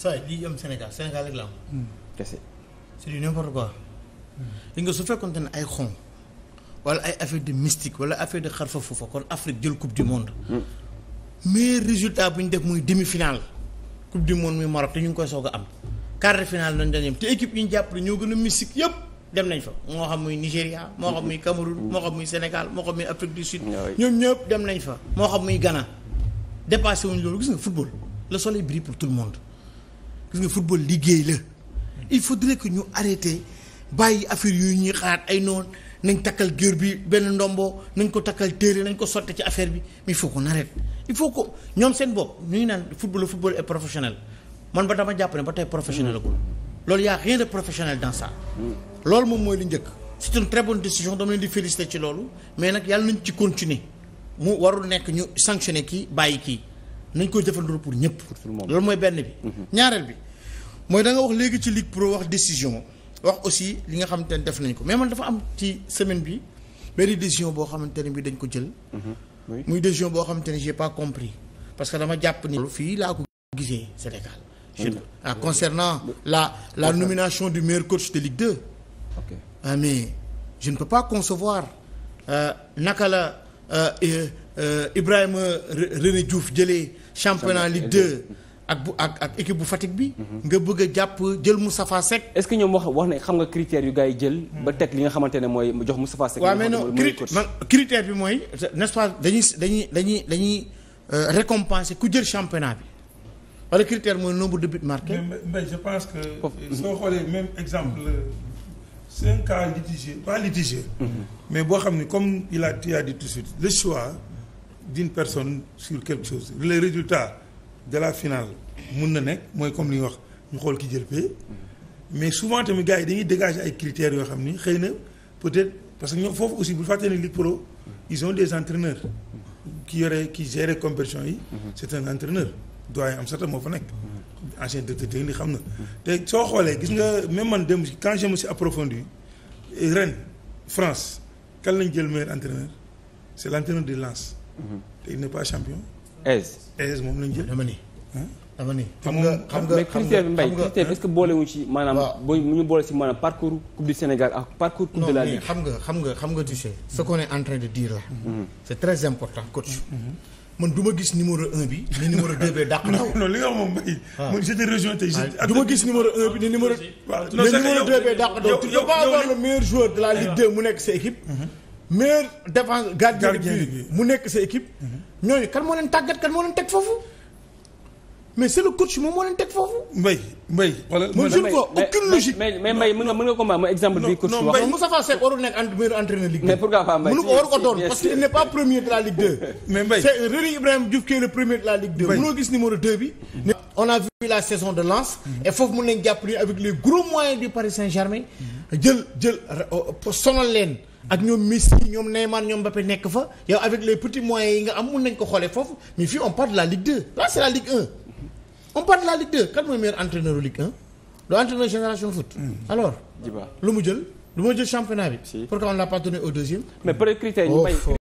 saa lii am Sénégal Sénégal rek la am. Hmm. kese. c'est du li nga hmm. su fekkoonte ne ay xonq wala ay affaire de mystique wala affaire de xarfa foofa kon Afrique jël coupe du monde. Hmm. mais résultat bu ñu def muy demi finale coupe du monde muy Maroc te ñu ngi koy soog am. quart de finale lañ dañu dem te équipe yi ñu jàppale ñoo gën a mystique yëpp dem nañ fa moo xam muy Nigéria. moo xam muy Cameroun. moo xam muy Sénégal moo xam muy Afrique du Sud. Ah ñoom ñëpp dem nañ fa. moo xam muy Ghana dépassé wuñ loolu gis nga football le soleil gis nga football liggéey la il faut faudrait nekk ñu arrêté bàyyi affaire yooyu ñuy xaar ay noonu nañ takkal géer bi benn ndombo nañ ko takkal téere nañ ko sotte ci affaire bi mais il faut qu'on arrête il faut ko ñoom seen bopp ñu ngi naan football football est professionnel man ba dama jàpp ne tey professionnel agul loolu y'a rien de professionnel dans ça loolu moom mooy li njëkk c'est une très bonne décision dama leen di féliciter ci loolu mais nag yàlla nañ ci continuer mu warul nekk ñu sanctionner kii bàyyi kii nañ koy jëfandoo pour ñëpp. loolu mooy benn bi. Mhm. ñaareel bi mooy da nga wax léegi ci Ligue pour wax décision wax aussi li nga xamante ne def nañ ko mais man dafa am ci semaine bi benn décision boo xamante ne bi dañ ko jël. Mhm. muy décision boo xamante ne j'ai pas compris parce que dama jàpp ni. fii laa ko gisee Sénégal. Ah, concernant la la nomination du meilleur coach de Ligue 2. ok ah mais je ne peux pas concevoir euh, naka la euh, euh, Ibrahima René Diouf jëlee. championnat Ligue 2 ak bu ak ak équipe bu Fatick bi. nga bëgg a jàpp jël Moustapha Seck. est-ce que ñoom wax wax ne xam nga critères yu gars yi jël. ba teg li nga xamante ne mooy jox Moustapha Seck. waaw mais non critère bi mooy dañuy dañuy dañuy dañuy euh, récompenser ku jël championnat bi. wala critère mooy nombre de buts marqués. mais mais je pense euh, exemple. Euh, cinq un cas litigieux pas litigieux. Mm-hmm. mais boo xam ne comme il a tu as dit tout suite le choix. d'une personne sur quelque chose les résultat de la finale mun na nekk mooy comme li ñu wax ñu xool ki jël pay mais souvent tamit gars yi dañuy dégage ay critères yoo xam ni xëy na peut-être parce que ñoom foofu aussi bu fàttee ne Ligue pour ils ont des entraîneurs ki yore ki gérer compétition yi c'est un entraîneur doyen Amsata moo fa nekk ancien directeur technique xam na te soo xoolee gis nga même man dem quand je me suis approfondi ren France kan lañ jël meilleur entraîneur c'est l'entraîneur de Lens te mm-hmm. il pas champion. aise aise moom lañ jël dama ni. dama ni xam nga xam nga xam nga xam nga xam nga tu sais. ce de dire là. Mm-hmm. c'est très important coach. Mm-hmm. man du ma gis numéro un bi ni numéro deux bee dàq na ko. non li nga wax moom Mbaye. waaw ah. man j'étais région tey ah, du ma gis numéro un bi ni numéro. waaw non c'est que yow yow yow yow yow yow yow yow yow yow yow yow yow meilleur défense gardien de but mu nekk sa équipe. Mhm. ñooñu kan moo leen tàggat kan moo leen teg foofu. mais c'est le coach moom moo leen teg foofu. mbay mbay. wala man je ne vois aucune logique. warul nekk entraîneur mais pourquoi pas mbay mënu la Ligue 2. mais mbay c'est Rémi Ibrahima le premier de la Ligue 2. mbay mënoo gis numéro 2 bi. Mm-hmm. on a vu la saison de Lens. Mm-hmm. et foofu mën nañu jàpp ni avec les gros moyens du Paris Saint-Germain. Mm-hmm. jël jël euh, sonal leen. ak ñoom Messi ñoom Neymar ñoom Mbappé nekk fa yow avec les petits moyens yi nga am mun nañ ko xoolee foofu mais fii on parle de la Ligue 2 là c'est la Ligue 1 on de la mooy meilleur entraîneur u Ligue 1 lu entraîneur génération foot. Hmm. alors lu mu jël lu mu jël championnat bi. pourquoi on l'a pas donné au deuxième. mais peut-être critères oh, yi